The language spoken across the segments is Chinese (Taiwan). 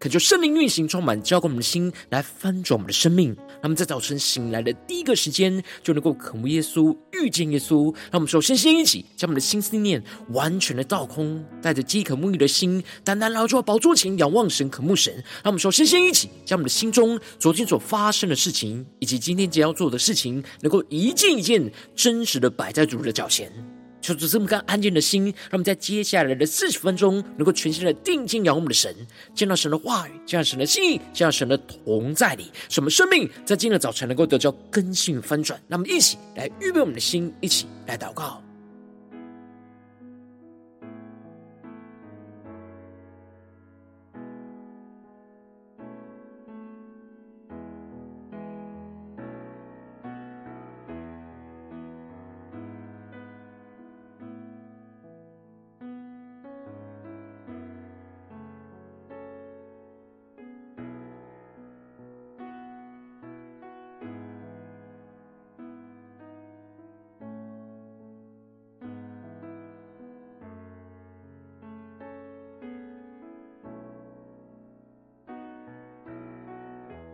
懇求聖靈運行，充滿、澆灌我們的心，來翻轉我們的生命。那麼在早晨醒來的第一個時間，就能夠渴慕耶穌、遇見耶穌。讓我們先先一起將我們的心思念完全的倒空，帶着飢渴慕義的心，單單來到主的寶座前，仰望神、渴慕神。讓我們先先一起將我們的心中昨天所發生的事情，以及今天將要做的事情，能夠一件一件真實的擺在主的腳前。求主賜我們安靜的心，讓我們在接下來的四十分鐘，能夠全心的定睛仰望我們的神，見到神的話語，見到神的心意，見到神的同在裡，使我們生命在今日早晨能夠得着更新翻轉。那麼一起來預備我們的心，一起來禱告。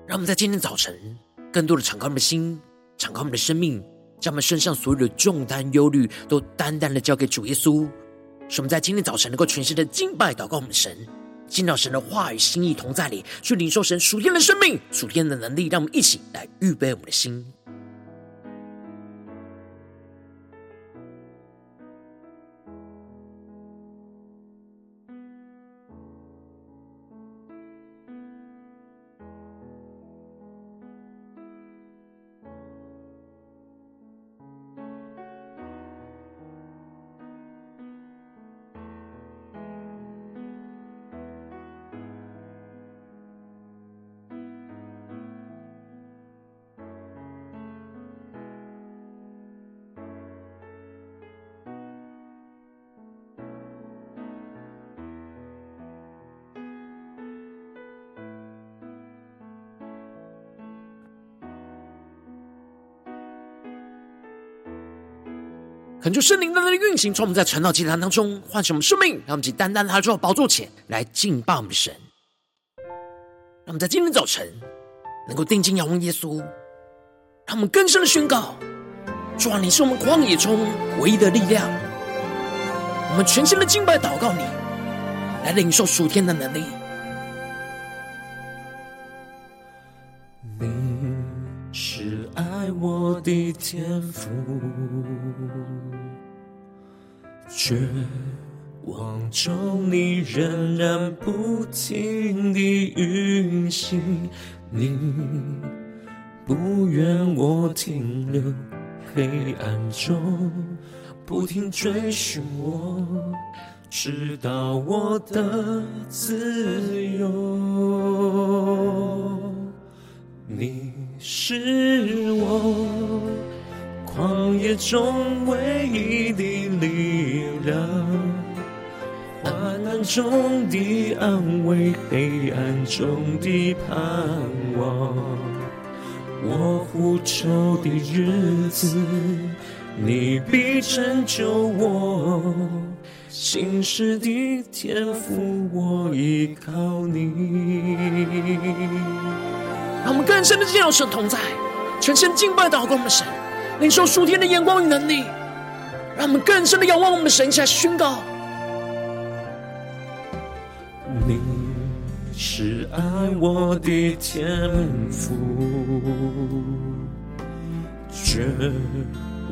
讓我們在今天早晨，更多的敞開我們的心，敞開我們的生命，將我們身上所有的重擔、憂慮，都單單的交給主耶穌。使我們在今天早晨能夠全心的敬拜、禱告我們的神，進到神的話與心意同在裡，去領受神屬天的生命、屬天的能力。讓我們一起來預備我們的心。成就聖靈當中的運行，從我們在晨禱祭壇當中喚醒我們生命，讓我們只單單的來到寶座前來敬拜我們的神。讓我們在今天早晨能夠定睛仰望耶穌，讓我們更深的宣告，主啊，你是我們曠野中唯一的力量。我們全心的敬拜、禱告你，來領受屬天的能力。的天父，絕望中你仍然不停地運行，你不願我停留黑暗中，不停追尋我，直到我的自由，你。是我，曠野中唯一的力量，患難中的安慰，黑暗中的盼望。我呼求的日子，你必拯救我。信實的天父，我依靠你。讓我們更深的知道神同在，全心敬拜禱告我們的神，領受諸天的眼光與能力。讓我們更深的仰望我們的神來，來宣告。你是愛我的天父，絕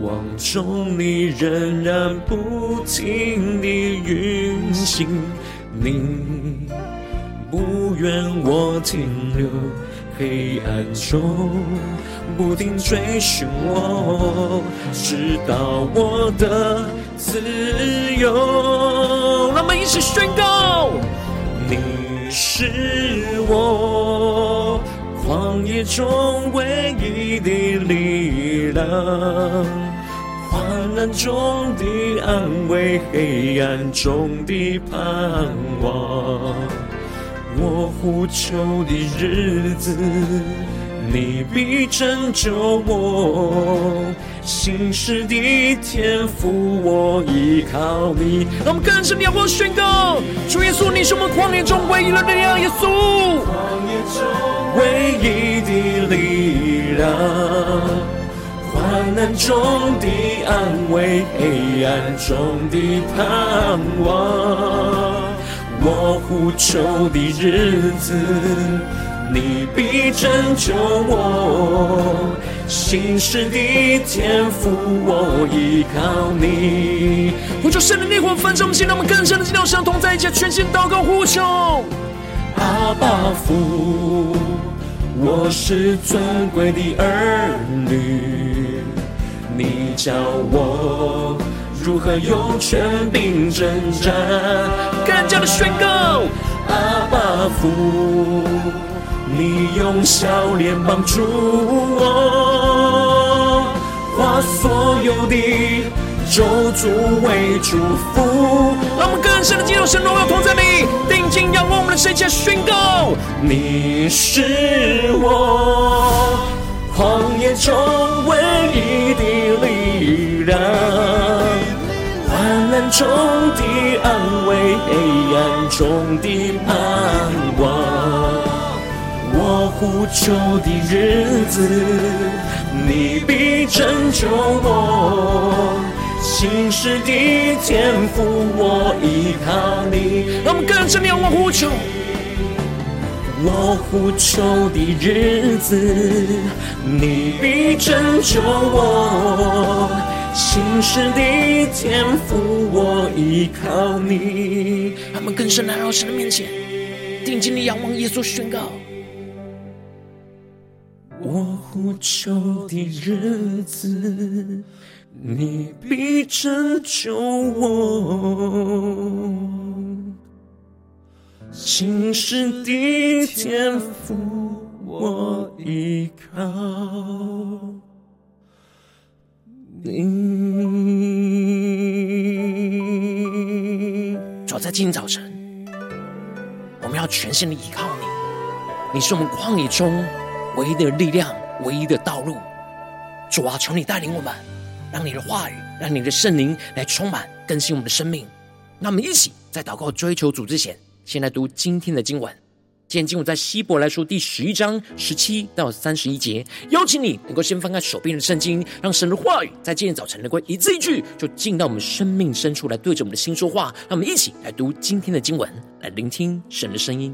望中你仍然不停的運行，你不願我停留。黑暗中，不停追尋我，直到我的自由。讓我們一起宣告，你是我，曠野中唯一的力量，患難中的安慰，黑暗中的盼望。我呼求的日子，你必拯救我；信實的天父我依靠你。讓我們跟着你，仰望宣告：主耶穌，你是我們曠野中，唯一，野中唯一的力量，耶穌。曠野中唯一的力量，患難中的安慰，黑暗中的盼望。我呼求的日子，你必拯救我；信實的天父，我依靠你。呼求聖靈的烈火焚燒我們心，讓我們更深的知道相同在一起，全心禱告呼求。阿爸父，我是尊貴的兒女，你叫我。如何有權並征戰？更加的宣告，阿爸父，你用笑臉幫助我，化所有的咒詛為祝福。讓我們更深的進入神榮耀同在裡，定睛仰望我們的神，先宣告，你是我曠野中唯一的力量。黑暗中的安慰，黑暗中的盼望。我呼求的日子，你必拯救我。信實的天賦，我依靠你。讓我們跟着《仰我呼求。我呼求的日子，你必拯救我。信實的天父，我依靠你。他們更深來到神的面前，定睛的仰望耶穌，宣告：我呼求的日子，你必拯救我。信實的天父，我依靠。你主啊，在今天早晨，我們要全心的依靠你。你是我們曠野中唯一的力量，唯一的道路。主啊，求你帶領我們，讓你的話語，讓你的聖靈來充滿更新我們的生命。那我們一起在禱告追求主之前，先來讀今天的經文。今天進入在希伯來書第十一章十七到三十一節，邀請你能夠先翻開手邊的聖經，讓神的話語在今天早晨能夠一字一句就進到我們生命深處，來對着我們的心說話，讓我們一起來讀今天的經文，來聆聽神的聲音。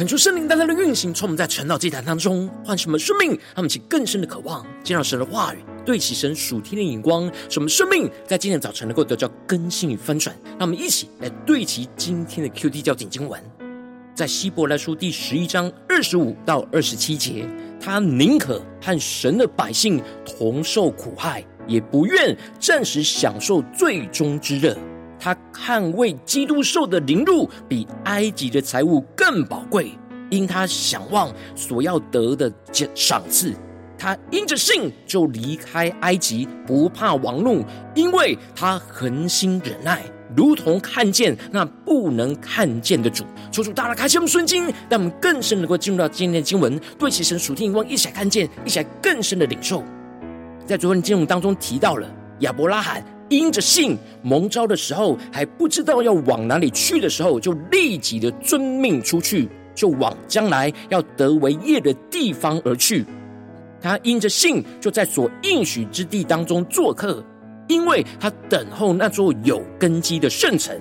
懇求聖靈大家的運行，從我們在晨禱祭壇當中，喚醒我們生命，讓我們起更深的渴望，見到神的話語，對齊神屬天的眼光，使我們生命在今天早晨能夠得到更新與翻轉。讓我們一起來對齊今天的 QT 焦點經文，在希伯來書第十一章二十五到二十七節，他寧可和神的百姓同受苦害，也不願暫時享受罪中之樂。他看為基督受的凌辱比埃及的財物更寶貴，因他想望所要得的賞賜。他因着信，就離開埃及，不怕王怒，因為他恆心忍耐，如同看見那不能看見的主。主主，大家開心瞬間，讓我們更深能夠進入到今天的經文，對齊神屬天眼光，一起來看見，一起來更深的領受。在昨天的經文當中提到了亞伯拉罕，因着信蒙召的時候，還不知道要往哪裡去的時候，就立即的遵命出去，就往將來要得為業的地方而去。他因着信就在所應許之地當中做客，因為他等候那座有根基的聖城。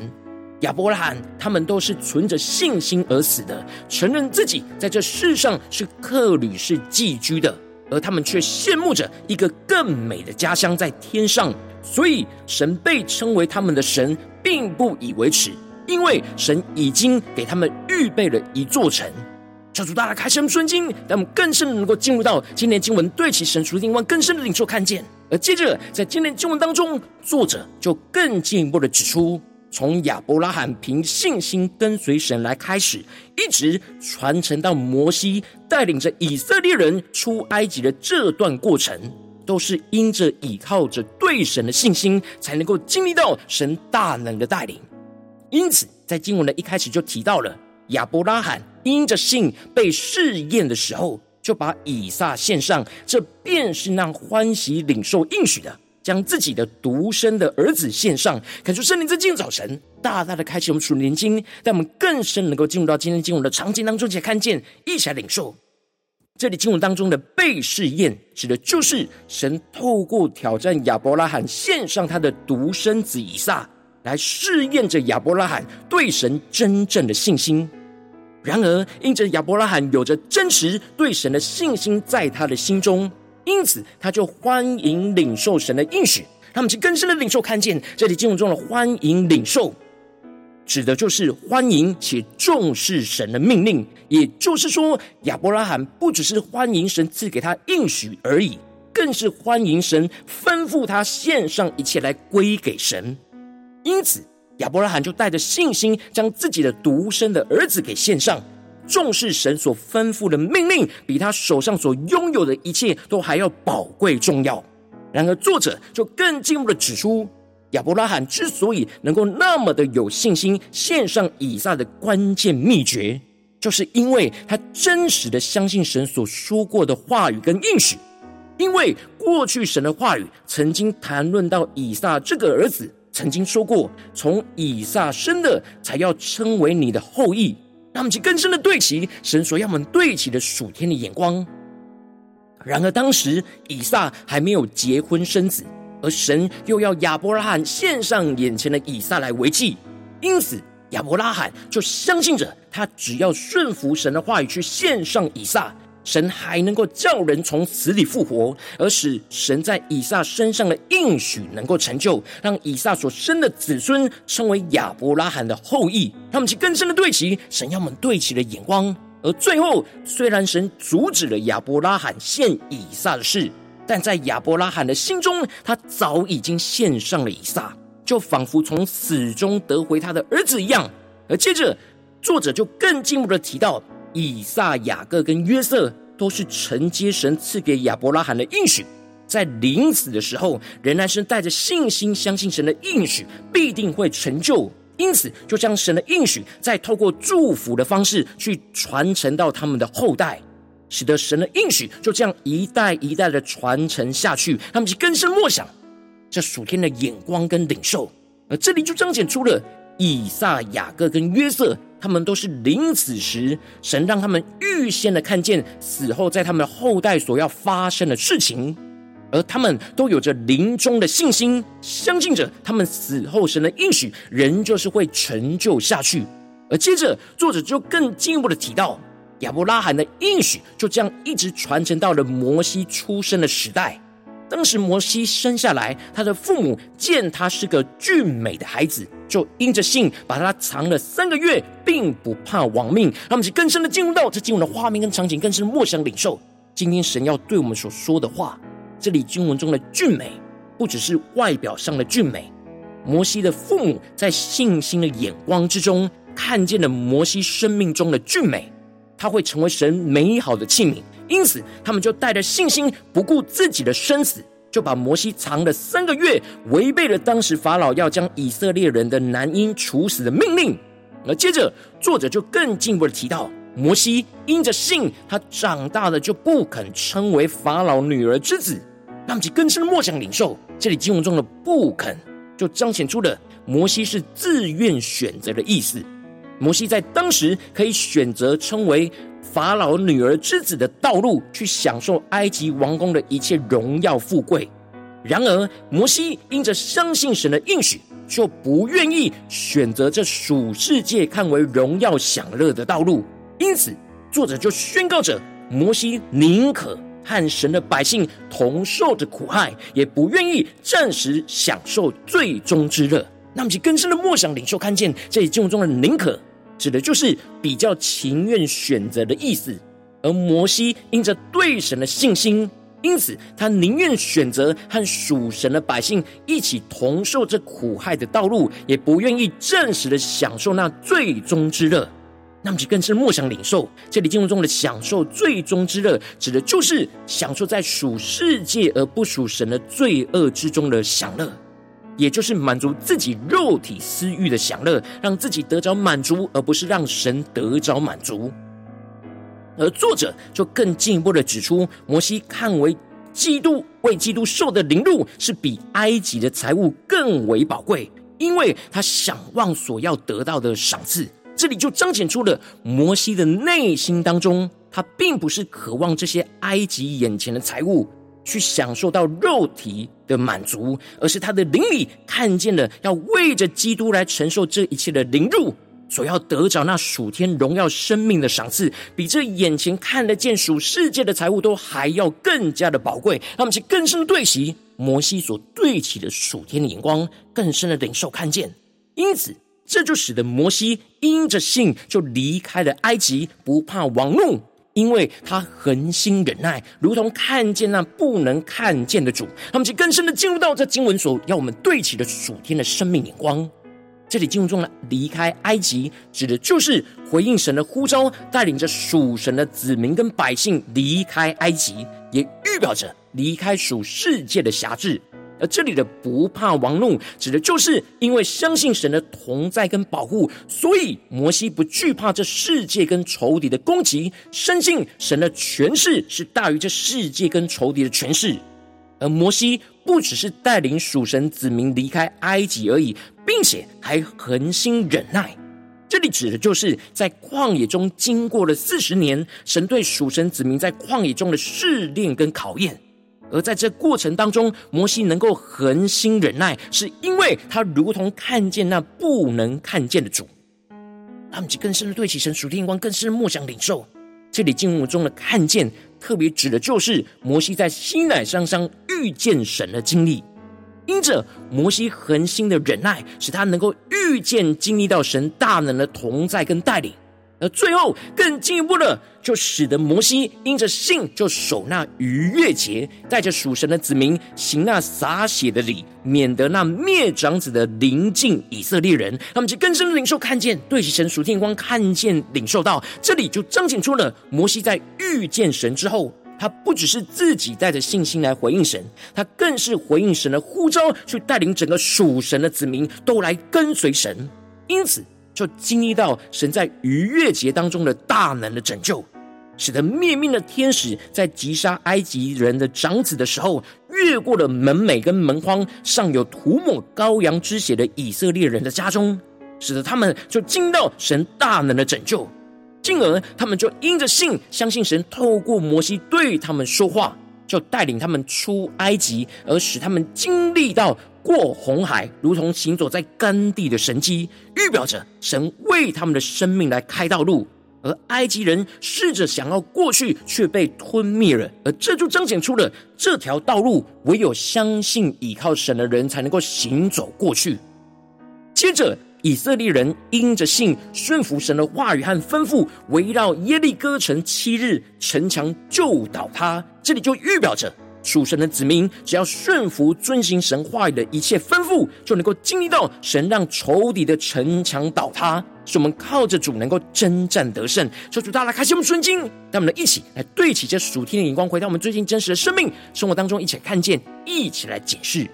亞伯拉罕他們都是存着信心而死的，承認自己在這世上是客旅、是寄居的，而他們卻羨慕着一個更美的家鄉在天上。所以，神被稱為他們的神，並不以為恥，因為神已經給他們預備了一座城。叫主大家開聖經，讓我們更深的能夠進入到今天經文，對其神屬靈，望更深的領受看見。而接着，在今天經文當中，作者就更進一步的指出，從亞伯拉罕憑信心跟隨神來開始，一直傳承到摩西帶領着以色列人出埃及的這段過程，都是因着倚靠着對神的信心，才能夠經歷到神大能的帶領。因此，在經文的一開始就提到了亞伯拉罕因着信被試驗的時候，就把以撒獻上。這便是那歡喜領受應許的，將自己的獨生的兒子獻上。感謝聖靈在今天早晨大大的開啟我們屬靈的心，但我們更深能夠進入到今天經文的場景當中，且看見、一起來領受。這裡經文當中的被試驗，指的就是神透過挑戰亞伯拉罕獻上他的獨生子以撒，來試驗着亞伯拉罕對神真正的信心。然而，因着亞伯拉罕有着真實對神的信心在他的心中，因此他就歡迎領受神的應許。他們去更深的領受，看見這裡經文中的歡迎領受。指的就是歡迎且重視神的命令，也就是說，亞伯拉罕不只是歡迎神賜給他應許而已，更是歡迎神吩咐他獻上一切來歸給神。因此，亞伯拉罕就帶着信心，將自己的獨生的兒子給獻上，重視神所吩咐的命令，比他手上所擁有的一切都還要寶貴重要。然而，作者就更進一步的指出。亞伯拉罕之所以能夠那麼的有信心獻上以撒的關鍵祕訣，就是因為他真實的相信神所說過的話語跟應許。因為過去神的話語曾經談論到以撒這個兒子，曾經說過：“從以撒生的，才要稱為你的後裔。”那麼，就更深的對齊神所要我們對齊的屬天的眼光。然而，當時以撒還沒有結婚生子。而神又要亞伯拉罕獻上眼前的以撒來為祭，因此亞伯拉罕就相信着，他只要順服神的話語去獻上以撒，神還能夠叫人從死裡復活，而使神在以撒身上的應許能夠成就，讓以撒所生的子孫稱為亞伯拉罕的後裔。他們就更深的對齊神要我們對齊的眼光。而最後，雖然神阻止了亞伯拉罕獻以撒的事。但在亞伯拉罕的心中，他早已經獻上了以撒，就仿佛從死中得回他的兒子一樣。而接着，作者就更進一步的提到，以撒、雅各跟約瑟都是承接神賜給亞伯拉罕的應許，在臨死的時候，仍然是帶着信心相信神的應許必定會成就，因此就將神的應許再透過祝福的方式去傳承到他們的後代。使得神的應許就這樣一代一代的傳承下去，他們就更深莫想這屬天的眼光跟領受。而這裡就彰顯出了以撒、雅各跟約瑟，他們都是臨死時，神讓他們預先的看見死後在他們後代所要發生的事情，而他們都有着臨終的信心，相信着他們死後神的應許仍舊是會成就下去。而接着作者就更進一步的提到。亞伯拉罕的應許就這樣一直傳承到了摩西出生的時代。當時摩西生下來，他的父母見他是個俊美的孩子，就因着信把他藏了三個月，並不怕王命。讓我們更深的進入到這經文的畫面跟場景，更是默想領受今天神要對我們所說的話。這裡經文中的俊美，不只是外表上的俊美。摩西的父母在信心的眼光之中，看見了摩西生命中的俊美。他會成為神美好的器皿，因此他們就帶着信心，不顧自己的生死，就把摩西藏了三個月，違背了當時法老要將以色列人的男嬰處死的命令。而接着作者就更進一步的提到，摩西因着信，他長大了就不肯稱為法老女兒之子，那麼就更深默想領受。這裡經文中的“不肯”就彰顯出了摩西是自願選擇的意思。摩西在當時可以選擇稱為法老女兒之子的道路，去享受埃及王宮的一切榮耀富貴。然而，摩西因着相信神的應許，就不願意選擇這屬世界看為榮耀享樂的道路。因此，作者就宣告着：着摩西寧可和神的百姓同受着苦害，也不願意暫時享受罪中之樂。那麼，其更深的默想領受看見這一經文中的“寧可”。指的就是比較情願選擇的意思，而摩西因着對神的信心，因此他寧願選擇和屬神的百姓一起同受這苦害的道路，也不願意暫時的享受那罪中之樂。那麼，就更是默想領受。這裡經文中的“享受罪中之樂”，指的就是享受在屬世界而不屬神的罪惡之中的享樂。也就是滿足自己肉體私慾的享樂，讓自己得着滿足，而不是讓神得着滿足。而作者就更進一步的指出，摩西看為基督，為基督受的凌辱，是比埃及的財物更為寶貴，因為他想望所要得到的賞賜。這裡就彰顯出了摩西的內心當中，他並不是渴望這些埃及眼前的財物。去享受到肉體的滿足，而是他的靈裡看見了，要為着基督來承受這一切的凌辱，所要得着那屬天榮耀生命的賞賜，比這眼前看得見屬世界的財物都還要更加的寶貴。他們去更深的對齊摩西所對齊的屬天的眼光，更深的領受看見，因此這就使得摩西因着信就離開了埃及，不怕王怒。因為他恆心忍耐，如同看見那不能看見的主，他們就更深的進入到這經文所要我們對齊的屬天的生命眼光。這裡經文中的離開埃及，指的就是回應神的呼召，帶領着屬神的子民跟百姓離開埃及，也預表着離開屬世界的轄制。而這裡的不怕王怒，指的就是因為相信神的同在跟保護，所以摩西不懼怕這世界跟仇敵的攻擊，深信神的權勢是大於這世界跟仇敵的權勢。而摩西不只是帶領屬神子民離開埃及而已，並且還恆心忍耐。這裡指的就是在曠野中經過了四十年，神對屬神子民在曠野中的試煉跟考驗。而在這過程當中，摩西能夠恆心忍耐，是因為他如同看見那不能看見的主，他們就更深的對齊神屬天眼光，更深的默想領受。這裡經文中的看見，特別指的就是摩西在西奈山上遇見神的經歷。因着摩西恆心的忍耐，使他能夠遇見、經歷到神大能的同在跟帶領。而最後更進一步了，就使得摩西因着信，就守那逾越節，帶着屬神的子民行那灑血的禮，免得那滅長子的臨近以色列人。他們就更深領受看見，對其神屬天光看見領受到這裡，就彰顯出了摩西在遇見神之後，他不只是自己帶着信心來回應神，他更是回應神的呼召，去帶領整個屬神的子民都來跟隨神。因此，就經歷到神在逾越節當中的大能的拯救，使得滅命的天使在擊殺埃及人的長子的時候，越過了門楣跟門框上有塗抹羔羊之血的以色列人的家中，使得他們就經歷到神大能的拯救，進而他們就因着信相信神透過摩西對他們說話，就帶領他們出埃及，而使他們經歷到。過紅海如同行走在乾地的神蹟，預表着神為他們的生命來開道路；而埃及人試着想要過去，卻被吞滅了。而這就彰顯出了這條道路，唯有相信依靠神的人才能夠行走過去。接着，以色列人因着信順服神的話語和吩咐，圍繞耶利哥城七日城牆就倒塌。這裡就預表着。屬神的子民，只要順服、遵行神話語的一切吩咐，就能夠經歷到神讓仇敵的城牆倒塌，使我們靠着主能夠征戰得勝。求主，大家開心、們，順境，讓我們一起來對起這屬天的眼光，回到我們最近真實的生命生活當中，一起來看見，一起來解釋。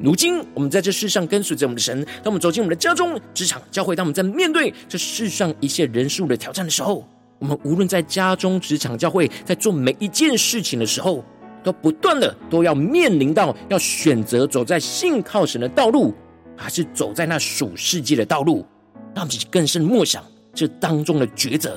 如今，我們在這世上跟隨着我們的神，當我們走進我們的家中、職場、教會，當我們在面對這世上一切人事物的挑戰的時候，我們無論在家中、職場、教會，在做每一件事情的時候。都不斷的都要面臨到要選擇走在信靠神的道路，還是走在那屬世界的道路？讓我們更深默想這當中的抉擇。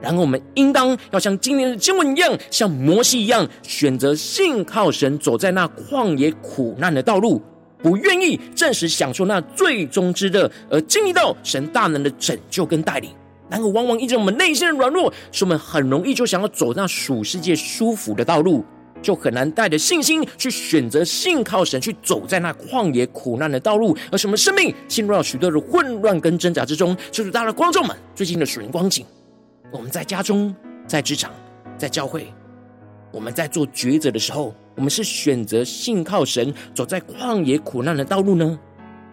然後我們應當要像今天的經文一樣，像摩西一樣，選擇信靠神，走在那曠野苦難的道路，不願意暫時享受那罪中之樂，而經歷到神大能的拯救跟帶領。然後往往因着我們內心的軟弱，使我們很容易就想要走那屬世界舒服的道路。就很難帶着信心去選擇信靠神，去走在那曠野苦難的道路，而使我們生命陷入了許多的混亂跟掙扎之中。求主，大大的光照我們，最近的屬靈光景。我們在家中、在職場、在教會，我們在做抉擇的時候，我們是選擇信靠神，走在曠野苦難的道路呢，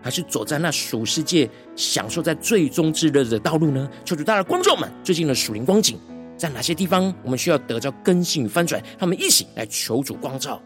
還是走在那屬世界享受在罪中之樂的道路呢？求主，大大的光照我們，最近的屬靈光景。在哪些地方，我們需要得到更新與翻轉？他們一起來求主光照。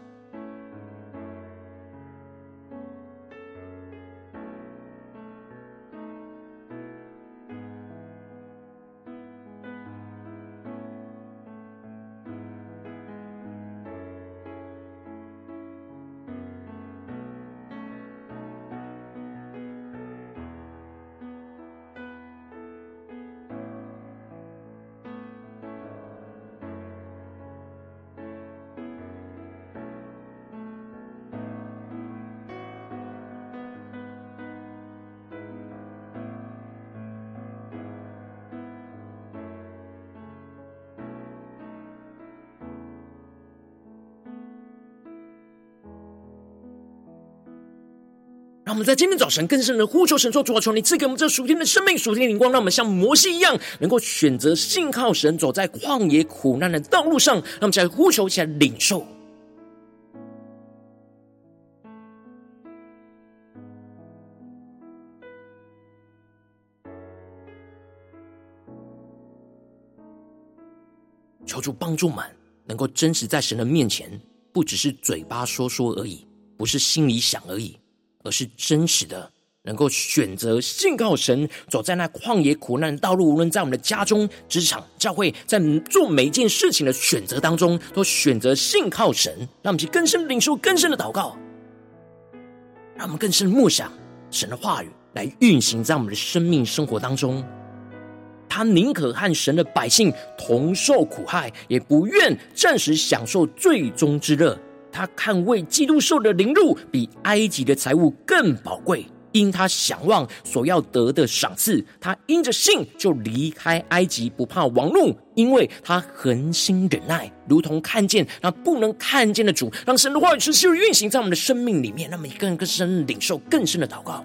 我們在今天早晨更深的呼求神說：“主啊，求你賜給我們這屬天的生命、屬天的靈光，讓我們像摩西一樣，能夠選擇信靠神，走在曠野苦難的道路上。”讓我們起來呼求、起來領受，求主幫助我們能夠真實在神的面前，不只是嘴巴說說而已，不是心裡想而已。而是真實的，能夠選擇信靠神，走在那曠野苦難的道路。無論在我們的家中、職場、教會，在做每一件事情的選擇當中，都選擇信靠神。讓我們去更深領受、更深的禱告，讓我們更深的默想神的話語，來運行在我們的生命生活當中。他寧可和神的百姓同受苦害，也不願暫時享受罪中之樂。他看為基督受的凌辱，比埃及的財物更寶貴。因他想望所要得的賞賜，他因着信就離開埃及，不怕王怒，因為他恆心忍耐，如同看見那不能看見的主。讓神的話語持續運行在我們的生命裡面，那麼一個人更深領受，更深的禱告。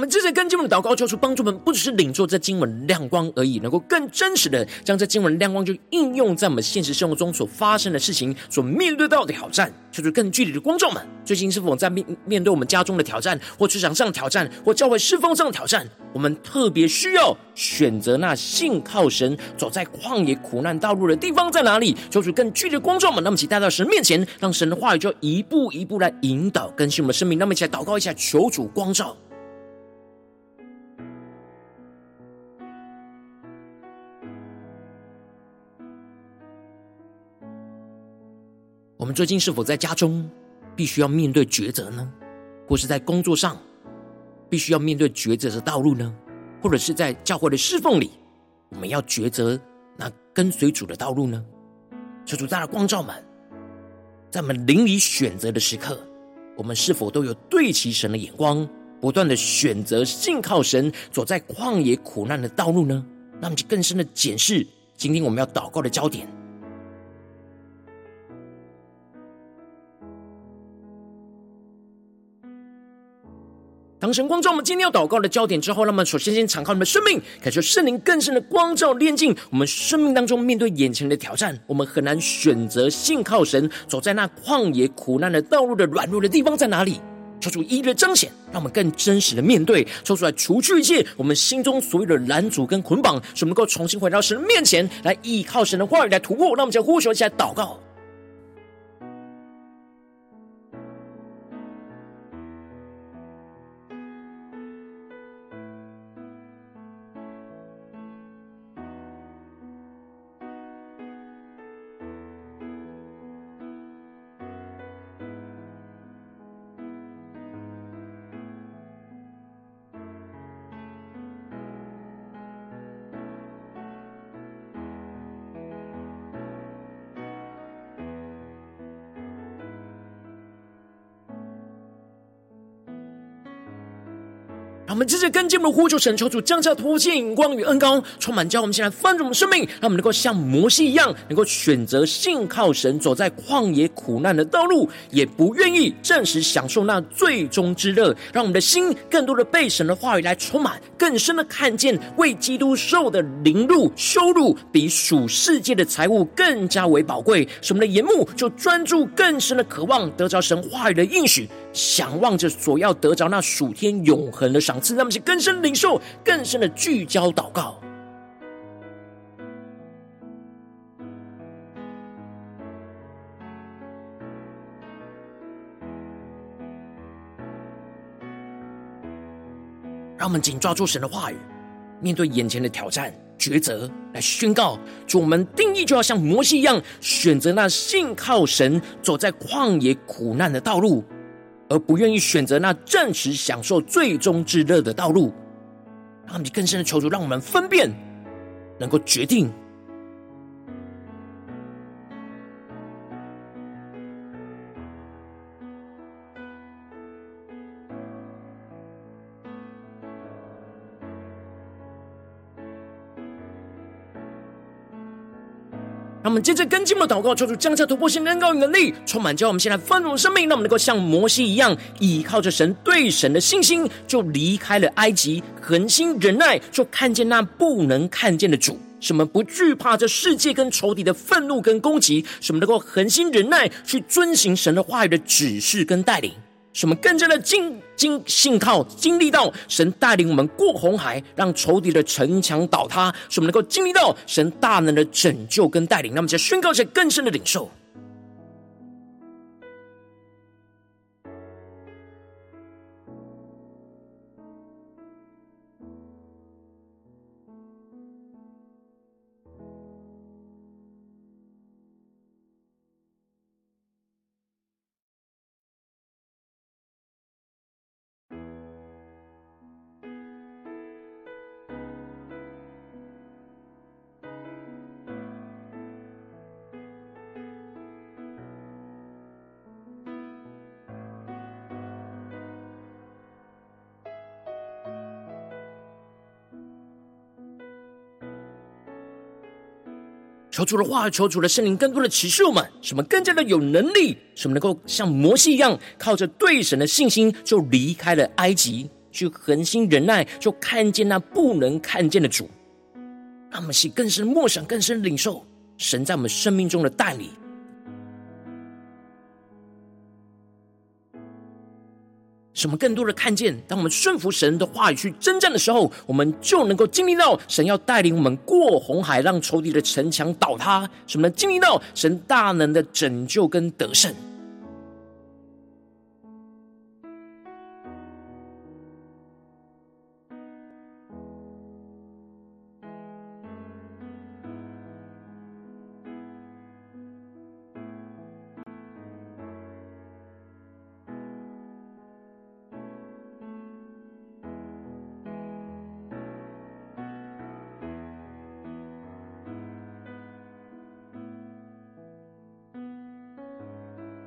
我們之前跟經文的禱告，求主幫助我們，不只是領受這經文亮光而已，能夠更真實的將這經文亮光就應用在我們現實生活中所發生的事情、所面對到的挑戰，求主更具體的光照我們。最近是否在面面對我們家中的挑戰，或職場上的挑戰，或教會侍奉上的挑戰？我們特別需要選擇那信靠神走在曠野苦難道路的地方在哪裡？求主更具體的光照我們。那麼，請帶到神面前，讓神的話語就一步一步來引導更新我們的生命。那麼，一起來禱告一下，求主光照。我們最近是否在家中必須要面對抉擇呢？或是在工作上必須要面對抉擇的道路呢？或者是在教會的侍奉裡，我們要抉擇那跟隨主的道路呢？求主帶來光照我們，在我們面臨選擇的時刻，我們是否都有對齊神的眼光，不斷的選擇信靠神，走在曠野苦難的道路呢？那麼就更深的檢視今天我們要禱告的焦點。當神光照我們，今天要禱告的焦點之後，那麼首先先敞開你們的生命，感受聖靈更深的光照煉淨我們生命當中面對眼前的挑戰。我們很難選擇信靠神，走在那曠野苦難的道路的軟弱的地方在哪裡？求主一一的彰顯，讓我們更真實的面對，求主來除去一切我們心中所有的攔阻跟捆綁，使我們能夠重新回到神面前來依靠神的話語來突破。讓我們現在呼求起來禱告。我們直接着跟經文，呼求神，求主降下突見眼光與恩膏，充滿教我們。現來翻轉我們生命，讓我們能夠像摩西一樣，能夠選擇信靠神，走在曠野苦難的道路，也不願意暫時享受那罪中之樂。讓我們的心更多的被神的話語來充滿，更深的看見為基督受的凌辱羞辱，比屬世界的財物更加為寶貴。使我們的眼目就專注更深的渴望，得着神話語的應許。想望着所要得着那屬天永恆的賞賜，那麼是更深領受、更深的聚焦禱告。讓我們緊抓住神的話語，面對眼前的挑戰抉擇，來宣告：主，我們定意就要像摩西一樣，選擇那信靠神，走在曠野苦難的道路，而不願意選擇那暫時享受罪中之樂的道路，阿米，更深的求主讓我們分辨，能夠決定。我們接着跟進的禱告，求主增加突破性禱告的能力，充滿。叫我們現在翻轉的生命，讓我們能夠像摩西一樣，依靠着神對神的信心，就離開了埃及，恆心忍耐，就看見那不能看見的主。什麼不懼怕這世界跟仇敵的憤怒跟攻擊，什麼能夠恆心忍耐去遵行神的話語的指示跟帶領。使我們更加的經經，信靠，經歷到神帶領我們過紅海，讓仇敵的城牆倒塌；使我們能夠經歷到神大能的拯救跟帶領，那麼就宣告，在更深的領受。求主的話，求主的聖靈，更多的啟示我們，使我們更加的有能力，使我們能夠像摩西一樣，靠着對神的信心，就離開了埃及，去恆心忍耐，就看見那不能看見的主。那麼是更深默想，更深領受神在我們生命中的帶領。什麼更多的看見？當我們順服神的話語去征戰的時候，我們就能夠經歷到神要帶領我們過紅海，讓仇敵的城牆倒塌。什麼經歷到神大能的拯救跟得勝？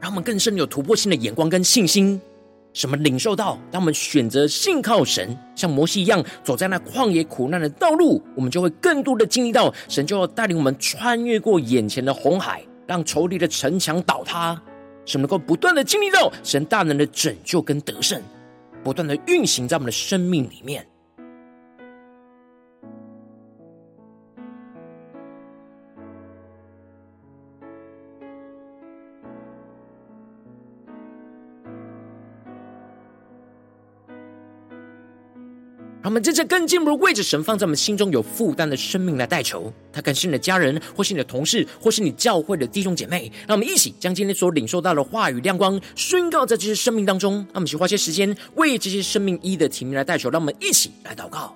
讓我們更深有突破性的眼光跟信心。什麼領受到，當我們選擇信靠神，像摩西一樣走在那曠野苦難的道路，我們就會更多的經歷到神就要帶領我們穿越過眼前的紅海，讓仇敵的城牆倒塌。什麼能夠不斷的經歷到神大能的拯救跟得勝，不斷的運行在我們的生命裡面。讓我們真正更進一步為着神放在我們心中有負擔的生命來代求。他可能是你的家人，或是你的同事，或是你教會的弟兄姐妹。讓我們一起將今天所領受到的話語亮光宣告在這些生命當中。讓我們去花些時間為這些生命一的提名來代求。讓我們一起來禱告。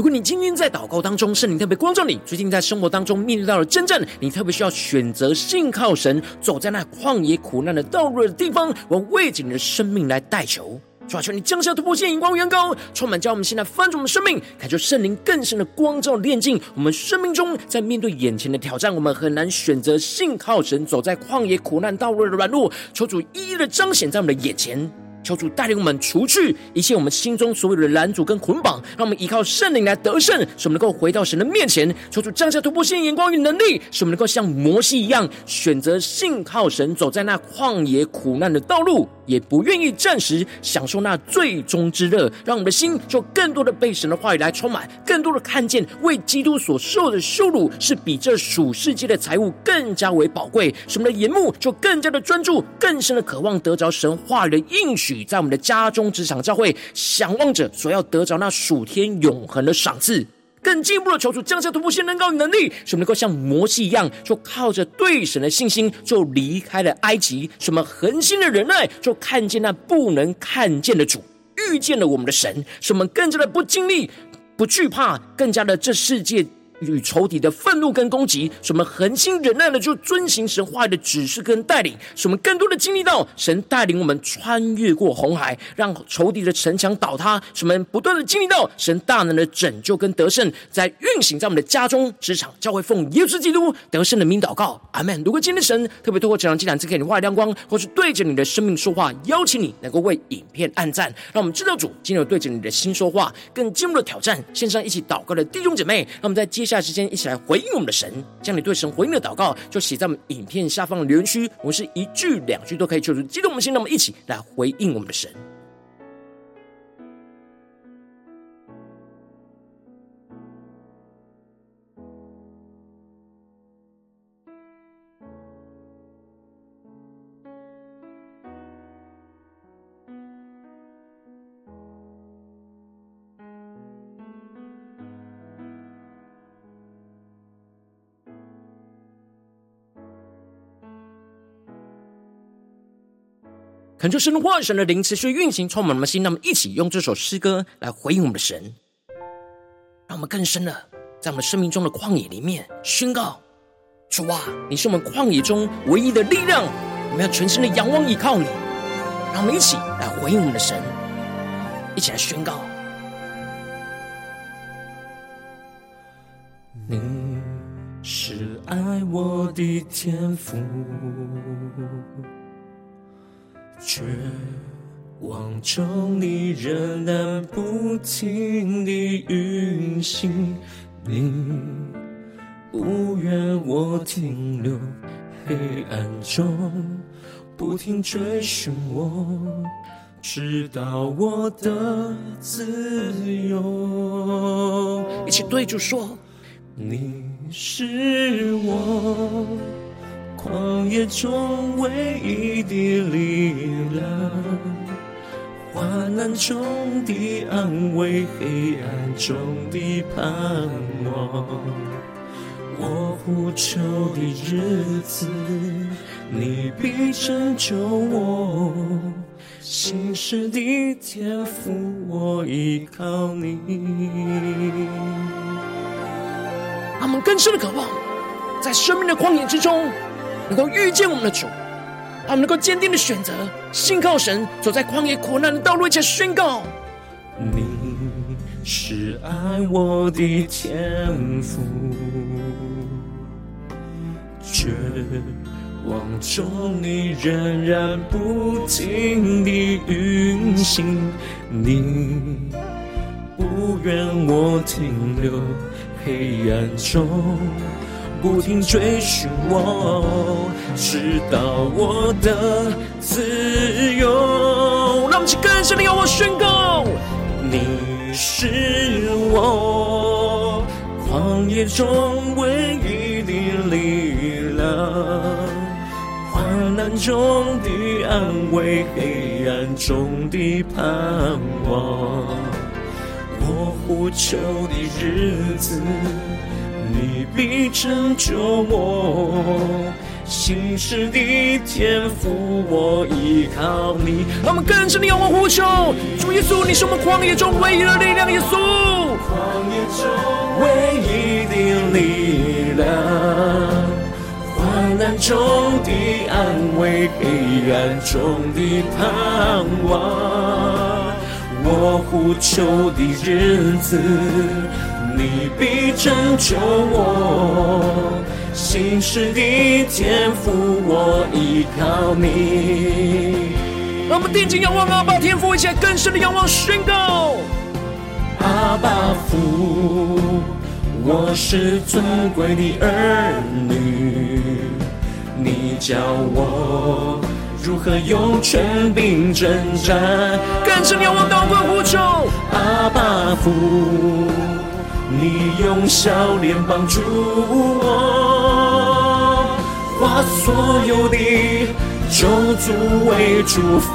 如果你今天在禱告當中，聖靈特別光照你，最近在生活當中面對到了征戰，你特別需要選擇信靠神，走在那曠野苦難的道路的地方，我為着你的生命來代求。求主你降下突破線，眼光遠高，充滿將我們現在翻轉我們生命，感受聖靈更深的光照的煉淨。我們生命中在面對眼前的挑戰，我們很難選擇信靠神，走在曠野苦難道路的軟弱，求主一一的彰顯在我們的眼前。求主帶領我們除去一切我們心中所有的攔阻跟捆綁，讓我們依靠聖靈來得勝，使我們能夠回到神的面前。求主降下突破性眼光與能力，使我們能夠像摩西一樣，選擇信靠神，走在那曠野苦難的道路，也不願意暫時享受那罪中之樂。讓我們的心就更多的被神的話語來充滿，更多的看見為基督所受的羞辱是比這屬世界的財物更加為寶貴。使我們的眼目就更加的專注，更深的渴望得着神話語的應許。舉在我們的家中、職場、教會，想望着所要得着那屬天永恆的賞賜，更進一步的求主降下突破性能夠能力，使我們能夠像摩西一樣，就靠着對神的信心，就離開了埃及；什麼恆心的忍耐，就看見那不能看見的主，遇見了我們的神，使我們更加的不經歷，不懼怕，更加的這世界。與仇敵的憤怒跟攻擊，使我們恆心忍耐的就遵行神話語的指示跟帶領，使我們更多的經歷到神帶領我們穿越過紅海，讓仇敵的城牆倒塌，使我們不斷的經歷到神大能的拯救跟得勝，在運行在我們的家中、職場、教會，奉耶穌基督得勝的名禱告，阿門。如果今天神特別透過這場經文賜給你話語亮光，或是對着你的生命說話，邀請你能夠為影片按讚，讓我們知道主今日對着你的心說話，更進入了挑戰，線上一起禱告的弟兄姐妹，讓我們在接。下時間一起來回應我們的神，將你對神回應的禱告就寫在我們影片下方的留言區，我們是一句兩句都可以，求主激動我們心，那麼一起來回應我們的神。懇就是喚醒神的靈，持續運行，充滿我們的心。讓我們一起用這首詩歌來回應我們的神，讓我們更深的在我們生命中的曠野裡面宣告：主啊，你是我們曠野中唯一的力量，我們要全心的仰望依靠你。讓我們一起來回應我們的神，一起來宣告：你是愛我的天父。絕望中，你仍然不停地運行。你不願我停留黑暗中，不停追尋我，直到我的自由。一起對主說：“你是我。”曠野中唯一的力量，患難中的安慰，黑暗中的盼望，我呼求的日子，你必拯救我。信實的天父，我依靠你。我們更深的渴望，在生命的曠野之中。能夠遇見我們的主，他們能夠堅定地選擇信靠神，走在曠野苦難的道路，一起宣告，你是愛我的天父，絕望中你仍然不停地運行，你不願我停留黑暗中不停追尋我，直到我的自由。讓我們去起跟上，的由我宣告，你是我，曠野中唯一的力量，患難中的安慰，黑暗中的盼望，我呼求的日子。你必拯救我，信實的天父我依靠你。他們！跟着你，仰望呼求，主耶穌，你是我們曠野中唯一的力量，耶穌。曠野中唯一的力量，患難中的安慰，黑暗中的盼望，我呼求的日子。你必拯救我，信實的天父我依靠你。讓我們定睛仰望阿爸天父，一起更深的仰望宣告。阿爸父，我是尊貴的兒女，你教我如何用權柄征戰。更深仰望禱告呼求，阿爸父。你用笑臉幫助我，把所有的咒詛為祝福。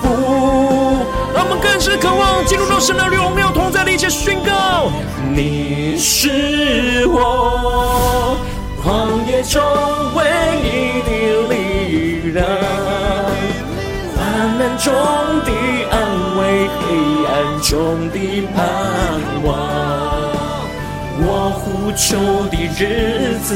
讓我們更是渴望進入到神的榮耀同在的一切宣告。你是我曠野中唯一的力量，患難中的安慰，黑暗中的盼望。無求，求的日子，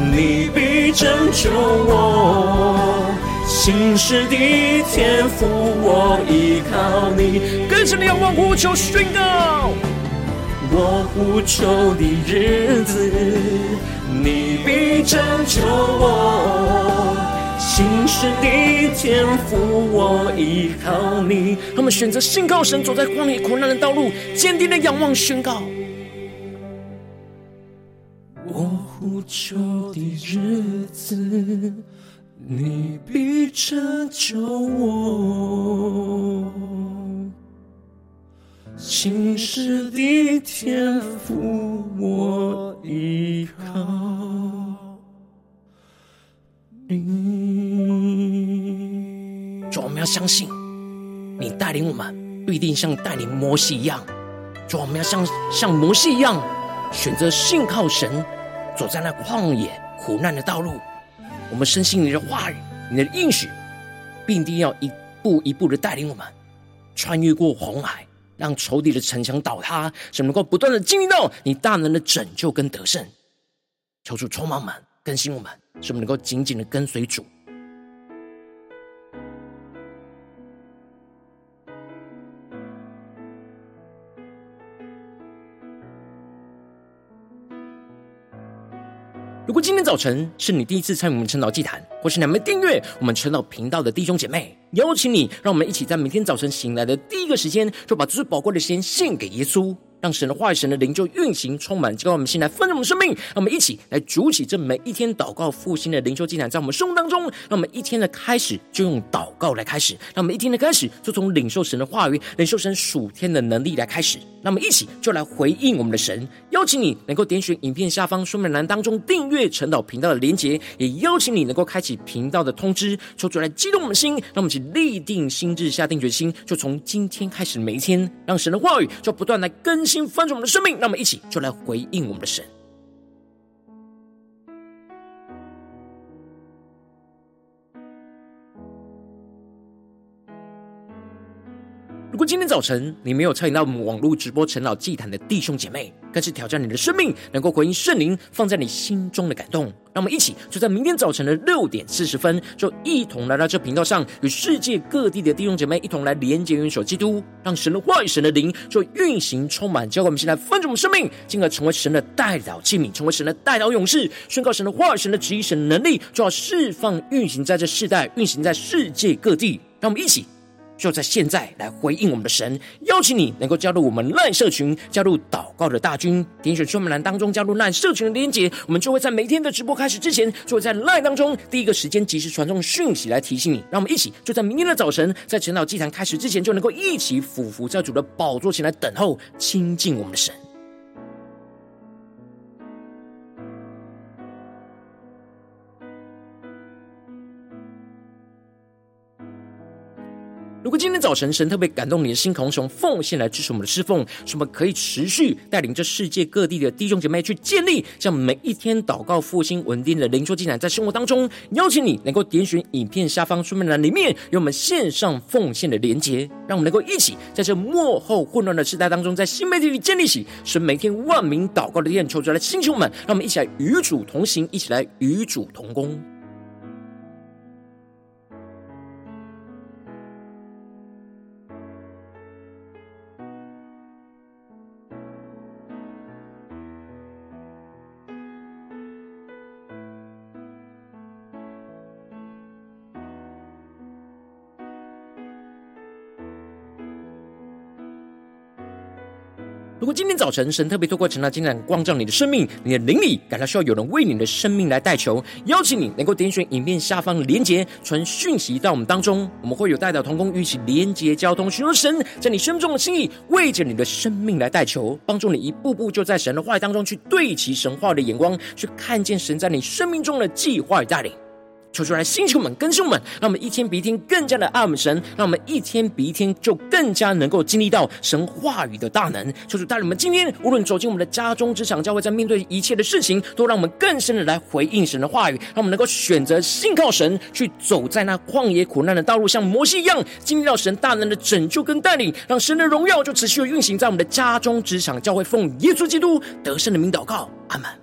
你必拯救我。信實的天父，我依靠你，跟着你仰望呼求，宣告。我無求的日子，你必拯救我。信實的天父，我依靠你。他們選擇信靠神，走在曠野苦難的道路，堅定的仰望宣告。求的日子，你必拯救我；青石的天父，我依靠你。主，我們要相信你帶領我們，啊，必定像帶領摩西一樣。主，我們要像像摩西一樣，選擇信靠神。走在那曠野苦難的道路，我們深信你的話語，你的應許，必定要一步一步的帶領我們，穿越過紅海，讓仇敵的城牆倒塌，使我們能夠不斷的經歷到你大能的拯救跟得勝。求主充滿我們，更新我們，使我們能夠緊緊的跟隨主。如果今天早晨是你第一次參與我們晨禱祭壇，或是你還沒訂閱我們晨禱頻道的弟兄姐妹，邀請你，讓我們一起在每天早晨醒來的第一個時間，就把最寶貴的時間獻給耶穌。讓神的話語、神的靈就運行、充滿，激動我們心來豐盛我們生命，讓我們一起來築起這每一天禱告復興的靈修祭壇在我們生命當中，那我們一天的開始就用禱告來開始，那我們一天的開始就從領受神的話語、領受神屬天的能力來開始。那我們一起就來回應我們的神，邀請你能夠點選影片下方說明欄當中訂閱晨禱頻道的連結，也邀請你能夠開啟頻道的通知，求主來激動我們心，讓我們一起立定心智、下定決心，就從今天開始，每一天讓神的話語就不斷來更新，翻轉我們的生命，那麼我們一起就來回應我們的神。如果今天早晨你沒有參與到我們網絡直播、晨禱祭壇的弟兄姐妹，更是挑戰你的生命，能夠回應聖靈放在你心中的感動。讓我們一起，就在明天早晨的六點四十分，就一同來到這頻道上，與世界各地的弟兄姐妹一同來連結元首基督，讓神的話語、神的靈，就運行、充滿，教會我們，現在分眾我們生命，進而成為神的代禱器皿，成為神的代禱勇士，宣告神的話語、神的旨意、神的能力，就要釋放、運行在這世代，運行在世界各地。讓我們一起。就在現在來回應我們的神，邀請你能夠加入我們 Line 社群，加入禱告的大軍，點選說明欄當中加入 Line 社群的鏈接，我們就會在每天的直播開始之前，就會在 Line 當中第一個時間及時傳送訊息來提醒你。讓我們一起就在明天的早晨，在晨禱祭壇開始之前，就能夠一起俯伏在主的寶座前來等候親近我們的神。如果今天早晨神特別感動你的心，同時奉獻來支持我們的侍奉，使我們可以持續帶領這世界各地的弟兄姐妹去建立，讓每一天禱告復興穩定的靈修進展在生活當中。邀請你能夠點選影片下方說明欄裡面有我們線上奉獻的連結，讓我們能夠一起在這末後混亂的世代當中，在新媒體裡建立起使每天萬名禱告的宴球出來，弟兄們，讓我們一起來與主同行，一起來與主同工。今天早晨，神特別透過這段經文光照你的生命，你的靈裡感到需要有人為你的生命來代求。邀請你能夠點選影片下方的連結，傳訊息到我們當中。我們會有代表同工一起連結交通，尋求神在你生命中的心意，為着你的生命來代求，幫助你一步步就在神的話語當中去對齊神話的眼光，去看見神在你生命中的計劃與帶領。求主來，興起我們，更新我們，讓我們一天比一天更加的愛我們神，讓我們一天比一天就更加能夠經歷到神話語的大能。求主帶領我們今天，無論走進我們的家中職場教會，在面對一切的事情，都讓我們更深的來回應神的話語，讓我們能夠選擇信靠神，去走在那曠野苦難的道路，像摩西一樣經歷到神大能的拯救跟帶領，讓神的榮耀就持續的運行在我們的家中職場教會。奉耶穌基督得勝的名禱告，阿門。